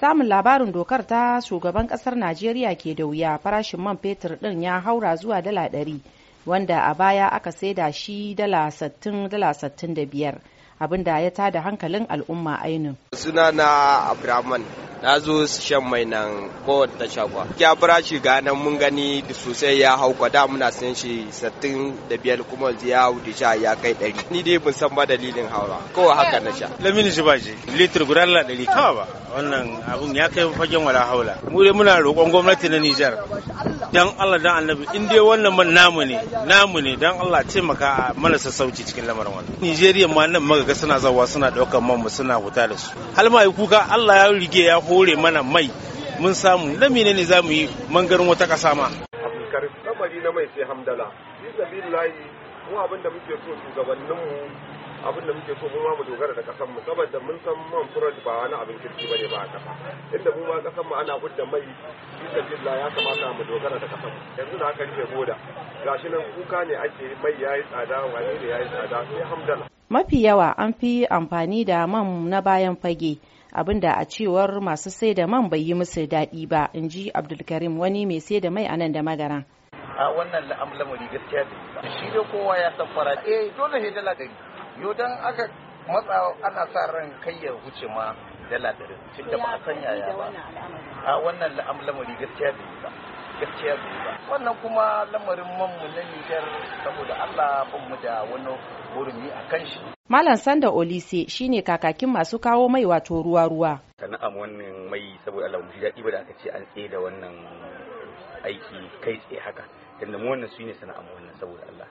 samun labarin dokar ta shugaban kasar najeriya ke da wuya farashin man fetur din ya haura zuwa dala ɗari wanda a baya aka saida shi dala sattin dala sattin da biyar abinda ya tada hankalin al'umma ainihin suna na abraman na zo shan mai nan kowace ta shakwa ya farashi ga nan mun gani sosai ya hau kwada muna sayan shi sattin da biyar kuma yanzu ya hau da ya kai ɗari ni dai ban san ba dalilin haura kowa haka na sha lamini shi shi litir guda la ɗari kawai ba wannan abun ya kai fagen wala haula mu dai muna roƙon gwamnati na Nijar dan Allah dan Annabi in dai wannan man namu ne namu ne dan Allah taimaka mana sassauci cikin lamarin wannan Nijeriya ma nan magaga suna zawa suna ɗaukar mamu suna wuta da su har ma kuka Allah ya rige ya hore mana mai mun samu na ne za mu yi mangarin wata kasa ma. Abdulkarim na mai sai hamdala. Bismillahi mu abin da muke so shugabanninmu abin da muke so mu ma mu dogara da kasan mu saboda mun san man furar ba wani abin kirki bane ba a kasa inda mu ma kasan mu ana gudda mai bismillah ya kamata mu dogara da kasan mu yanzu da haka rike goda gashi nan kuka ne ake mai yayi tsada wani ne yayi tsada sai hamdala mafi yawa an fi amfani da man na bayan fage abinda a cewar masu sai da man bai yi musu daɗi ba in ji abdulkarim wani mai sai da mai a nan da magara a wannan lamari gaskiya shi da kowa ya san fara eh dole ne dala dari. yo dan aka matsa ana sa ran kai ya wuce ma dala cikin tunda ba a san yaya ba a wannan lamari gaskiya da yi gaskiya ba wannan kuma lamarin manmu na Nijar saboda Allah ban mu da wani hurumi a kan shi Malam Sanda Olise shine kakakin masu kawo mai wato ruwa-ruwa sana'am wannan mai saboda Allah mu daɗi ba da aka ce an tsaye da wannan aiki kai tsaye haka tunda mu wannan su ne sana'am wannan saboda Allah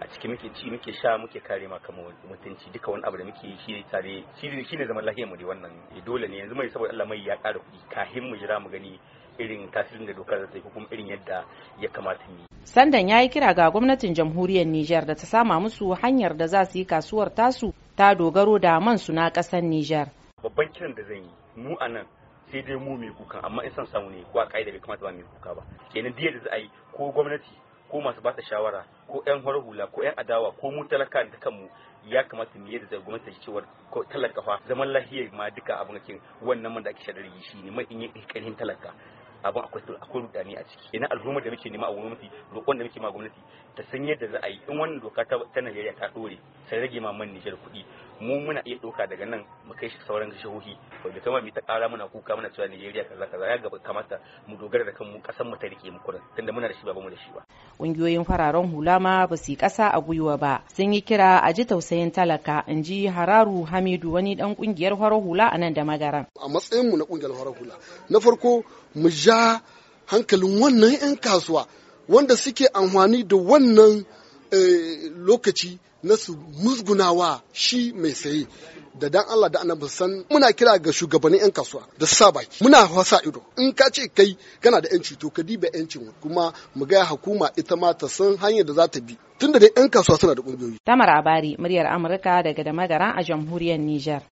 a ciki muke ci muke sha muke kare ma kamar mutunci duka wani abu da muke shi tare shi ne zaman lahiyar mu ne wannan eh, dole ne yanzu mai saboda Allah mai ya ƙara kuɗi kahin mu jira mu gani irin tasirin da dokar ta yi kuma irin yadda ya kamata mu Sandan ya yi kira ga gwamnatin jamhuriyar Nijar da ta sama musu hanyar da za su yi kasuwar tasu ta dogaro da man su na ƙasar Nijar. Babban kiran da zan yi mu a nan sai dai mu mai kuka amma in san samu ne ko a ƙa'ida bai kamata ba mai kuka ba kenan da za a yi ko gwamnati ko masu ba ta shawara ko yan horar hula ko yan adawa ko mu talaka da kanmu ya kamata mu yadda da gwamnati cewar ko talaka fa zaman lahiyar ma duka abin wannan man da ake shadar yi shine mai in yi talaka abin akwai su akwai rudani a ciki ina al'ummar da muke nema a gwamnati roƙon da muke ma gwamnati ta san yadda za a yi in wannan doka ta Najeriya ta dore sai rage ma man Nijar kuɗi mu muna iya doka daga nan mu kai shi sauran jihohi wanda kama mu ta ƙara muna kuka muna cewa Najeriya kaza kaza ya gaba kamata mu dogara da kanmu ƙasar mu ta rike mu kurin tunda muna da shi ba mu da shi ba ƙungiyoyin fararen hula ma ba su yi ƙasa a gwiwa ba sun yi kira a ji tausayin talaka in ji Hararu Hamidu wani dan ƙungiyar farar hula a nan da magaran a matsayin mu na ƙungiyar farar hula na farko mu ja hankalin wannan 'yan kasuwa wanda suke amfani da wannan eh, lokaci na su musgunawa shi mai saye da dan Allah da annabi san muna kira ga shugabannin yan kasuwa da sa baki muna fasa ido in ka ce kai kana da yanci to ka diba yancin kuma mu ga hukuma ita ma ta san hanyar da za ta bi tunda da yan kasuwa suna da kungiyoyi Tamar Abari muryar Amurka daga da magara a jamhuriyar Niger